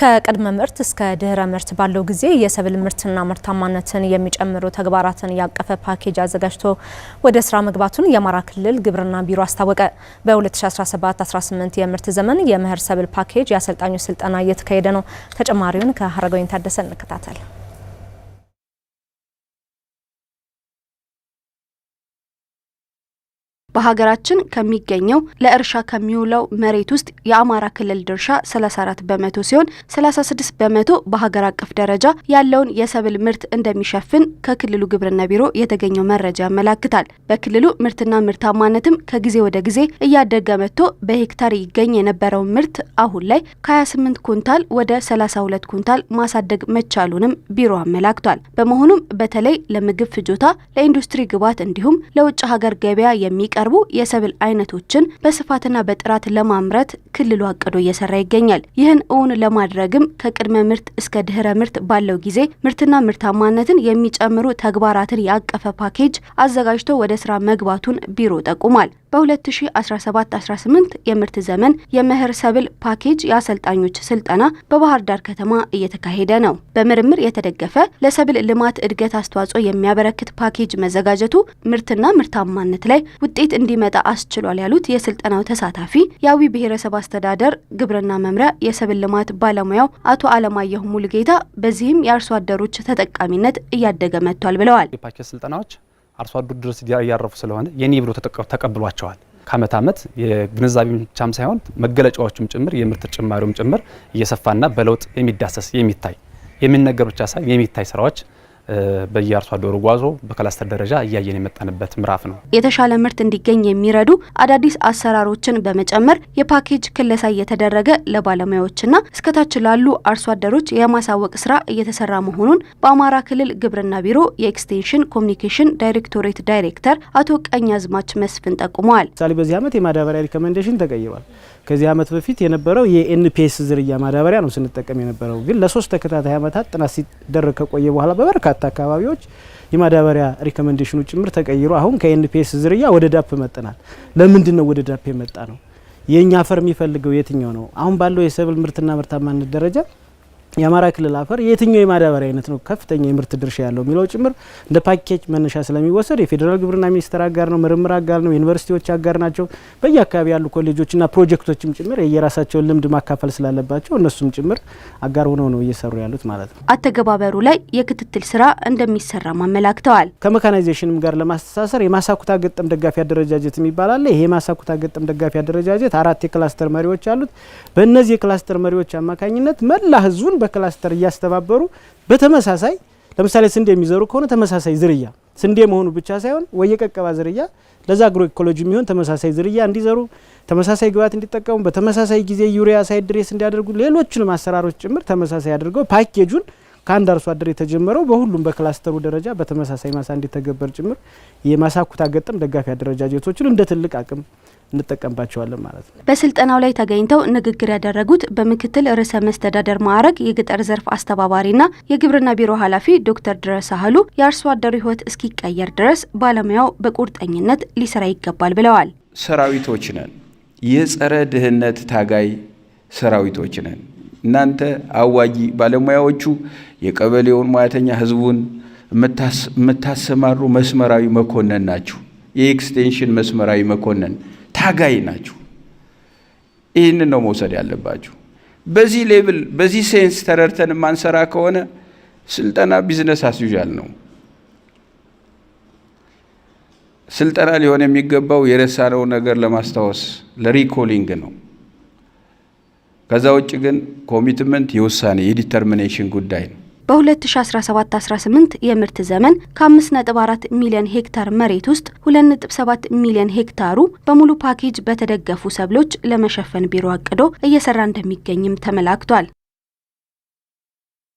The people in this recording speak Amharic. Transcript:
ከቅድመ ምርት እስከ ድህረ ምርት ባለው ጊዜ የሰብል ምርትና ምርታማነትን የሚጨምሩ ተግባራትን ያቀፈ ፓኬጅ አዘጋጅቶ ወደ ስራ መግባቱን የአማራ ክልል ግብርና ቢሮ አስታወቀ። በ2017/18 የምርት ዘመን የመኸር ሰብል ፓኬጅ የአሰልጣኙ ስልጠና እየተካሄደ ነው። ተጨማሪውን ከሀረጋዊን ታደሰ እንከታተል። በሀገራችን ከሚገኘው ለእርሻ ከሚውለው መሬት ውስጥ የአማራ ክልል ድርሻ 34 በመቶ ሲሆን 36 በመቶ በሀገር አቀፍ ደረጃ ያለውን የሰብል ምርት እንደሚሸፍን ከክልሉ ግብርና ቢሮ የተገኘው መረጃ ያመላክታል። በክልሉ ምርትና ምርታማነትም ከጊዜ ወደ ጊዜ እያደገ መጥቶ በሄክታር ይገኝ የነበረው ምርት አሁን ላይ ከ28 ኩንታል ወደ 32 ኩንታል ማሳደግ መቻሉንም ቢሮ አመላክቷል። በመሆኑም በተለይ ለምግብ ፍጆታ፣ ለኢንዱስትሪ ግብዓት እንዲሁም ለውጭ ሀገር ገበያ የሚቀር የሚቀርቡ የሰብል አይነቶችን በስፋትና በጥራት ለማምረት ክልሉ አቅዶ እየሰራ ይገኛል። ይህን እውን ለማድረግም ከቅድመ ምርት እስከ ድህረ ምርት ባለው ጊዜ ምርትና ምርታማነትን የሚጨምሩ ተግባራትን ያቀፈ ፓኬጅ አዘጋጅቶ ወደ ስራ መግባቱን ቢሮ ጠቁሟል። በ2017/18 የምርት ዘመን የመኸር ሰብል ፓኬጅ የአሰልጣኞች ስልጠና በባህር ዳር ከተማ እየተካሄደ ነው። በምርምር የተደገፈ ለሰብል ልማት እድገት አስተዋጽኦ የሚያበረክት ፓኬጅ መዘጋጀቱ ምርትና ምርታማነት ላይ ውጤት እንዲመጣ አስችሏል ያሉት የስልጠናው ተሳታፊ የአዊ ብሔረሰብ አስተዳደር ግብርና መምሪያ የሰብል ልማት ባለሙያው አቶ አለማየሁ ሙሉጌታ በዚህም የአርሶ አደሮች ተጠቃሚነት እያደገ መጥቷል ብለዋል። የፓኬጅ ስልጠናዎች አርሶ አደሩ ድረስ እያረፉ ስለሆነ የኔ ብሎ ተቀብሏቸዋል። ከአመት አመት የግንዛቤ ብቻም ሳይሆን መገለጫዎቹም ጭምር የምርት ጭማሪውም ጭምር እየሰፋና በለውጥ የሚዳሰስ የሚታይ የሚነገር ብቻ ሳይሆን የሚታይ ስራዎች በየአርሶ አደሩ ጓዞ በክላስተር ደረጃ እያየን የመጣንበት ምዕራፍ ነው። የተሻለ ምርት እንዲገኝ የሚረዱ አዳዲስ አሰራሮችን በመጨመር የፓኬጅ ክለሳ እየተደረገ ለባለሙያዎችና እስከታች ላሉ አርሶ አደሮች የማሳወቅ ስራ እየተሰራ መሆኑን በአማራ ክልል ግብርና ቢሮ የኤክስቴንሽን ኮሚኒኬሽን ዳይሬክቶሬት ዳይሬክተር አቶ ቀኝ አዝማች መስፍን ጠቁመዋል። ምሳሌ በዚህ ዓመት የማዳበሪያ ሪኮመንዴሽን ተቀይሯል። ከዚህ ዓመት በፊት የነበረው የኤንፒኤስ ዝርያ ማዳበሪያ ነው ስንጠቀም የነበረው ግን ለሶስት ተከታታይ ዓመታት ጥናት ሲደረግ ከቆየ በኋላ በበርካታ በርካታ አካባቢዎች የማዳበሪያ ሪኮመንዴሽኑ ጭምር ተቀይሮ አሁን ከኤንፒኤስ ዝርያ ወደ ዳፕ መጥናል። ለምንድን ነው ወደ ዳፕ የመጣ ነው? የእኛ አፈር የሚፈልገው የትኛው ነው? አሁን ባለው የሰብል ምርትና ምርታማነት ደረጃ የአማራ ክልል አፈር የትኛው የማዳበሪያ አይነት ነው ከፍተኛ የምርት ድርሻ ያለው የሚለው ጭምር እንደ ፓኬጅ መነሻ ስለሚወሰድ የፌዴራል ግብርና ሚኒስቴር አጋር ነው፣ ምርምር አጋር ነው፣ ዩኒቨርሲቲዎች አጋር ናቸው። በየአካባቢ ያሉ ኮሌጆችና ፕሮጀክቶችም ጭምር የየራሳቸውን ልምድ ማካፈል ስላለባቸው እነሱም ጭምር አጋር ሆነው ነው እየሰሩ ያሉት ማለት ነው። አተገባበሩ ላይ የክትትል ስራ እንደሚሰራም አመላክተዋል። ከመካናይዜሽንም ጋር ለማስተሳሰር የማሳኩታ ገጠም ደጋፊ አደረጃጀት የሚባል አለ። ይሄ የማሳኩታ ገጠም ደጋፊ አደረጃጀት አራት የክላስተር መሪዎች አሉት። በእነዚህ የክላስተር መሪዎች አማካኝነት መላ ህዝቡን በክላስተር እያስተባበሩ በተመሳሳይ ለምሳሌ ስንዴ የሚዘሩ ከሆነ ተመሳሳይ ዝርያ ስንዴ መሆኑ ብቻ ሳይሆን የቀቀባ ዝርያ ለዛ አግሮ ኢኮሎጂ የሚሆን ተመሳሳይ ዝርያ እንዲዘሩ ተመሳሳይ ግብዓት እንዲጠቀሙ በተመሳሳይ ጊዜ ዩሪያ ሳይድሬስ እንዲያደርጉ ሌሎችንም አሰራሮች ጭምር ተመሳሳይ አድርገው ፓኬጁን ከአንድ አርሶ አደር የተጀመረው በሁሉም በክላስተሩ ደረጃ በተመሳሳይ ማሳ እንዲተገበር ጭምር የማሳ ኩታ ገጠም ደጋፊ አደረጃጀቶችን እንደ ትልቅ አቅም እንጠቀምባቸዋለን ማለት ነው። በስልጠናው ላይ ተገኝተው ንግግር ያደረጉት በምክትል ርዕሰ መስተዳደር ማዕረግ የገጠር ዘርፍ አስተባባሪና የግብርና ቢሮ ኃላፊ ዶክተር ድረስ አህሉ የአርሶ አደሩ ሕይወት እስኪቀየር ድረስ ባለሙያው በቁርጠኝነት ሊሰራ ይገባል ብለዋል። ሰራዊቶች ነን፣ የጸረ ድህነት ታጋይ ሰራዊቶች ነን። እናንተ አዋጊ ባለሙያዎቹ የቀበሌውን ሙያተኛ ህዝቡን የምታሰማሩ መስመራዊ መኮንን ናችሁ። የኤክስቴንሽን መስመራዊ መኮንን ታጋይ ናችሁ። ይህንን ነው መውሰድ ያለባችሁ። በዚህ ሌብል በዚህ ሴንስ ተረድተን የማንሰራ ከሆነ ስልጠና ቢዝነስ አስዩዣል ነው። ስልጠና ሊሆን የሚገባው የረሳነው ነገር ለማስታወስ ለሪኮሊንግ ነው። ከዛ ውጭ ግን ኮሚትመንት የውሳኔ የዲተርሚኔሽን ጉዳይ ነው። በ2017-18 የምርት ዘመን ከ5.4 ሚሊዮን ሄክታር መሬት ውስጥ 2.7 ሚሊዮን ሄክታሩ በሙሉ ፓኬጅ በተደገፉ ሰብሎች ለመሸፈን ቢሮ አቅዶ እየሰራ እንደሚገኝም ተመላክቷል።